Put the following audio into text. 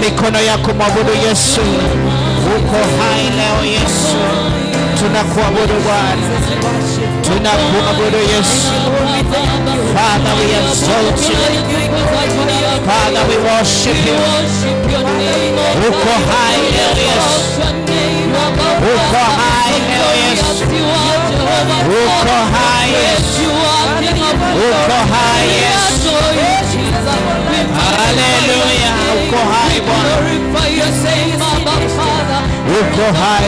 mikono yako mwabudu Yesu. Uko hai leo Yesu, tunakuabudu Bwana, tunakuabudu Yesu. Father, we exalt you. Father, we worship you. Uko hai leo Yesu. uko hai Yesu, uko hai Yesu, haleluya, uko hai Bwana, uko hai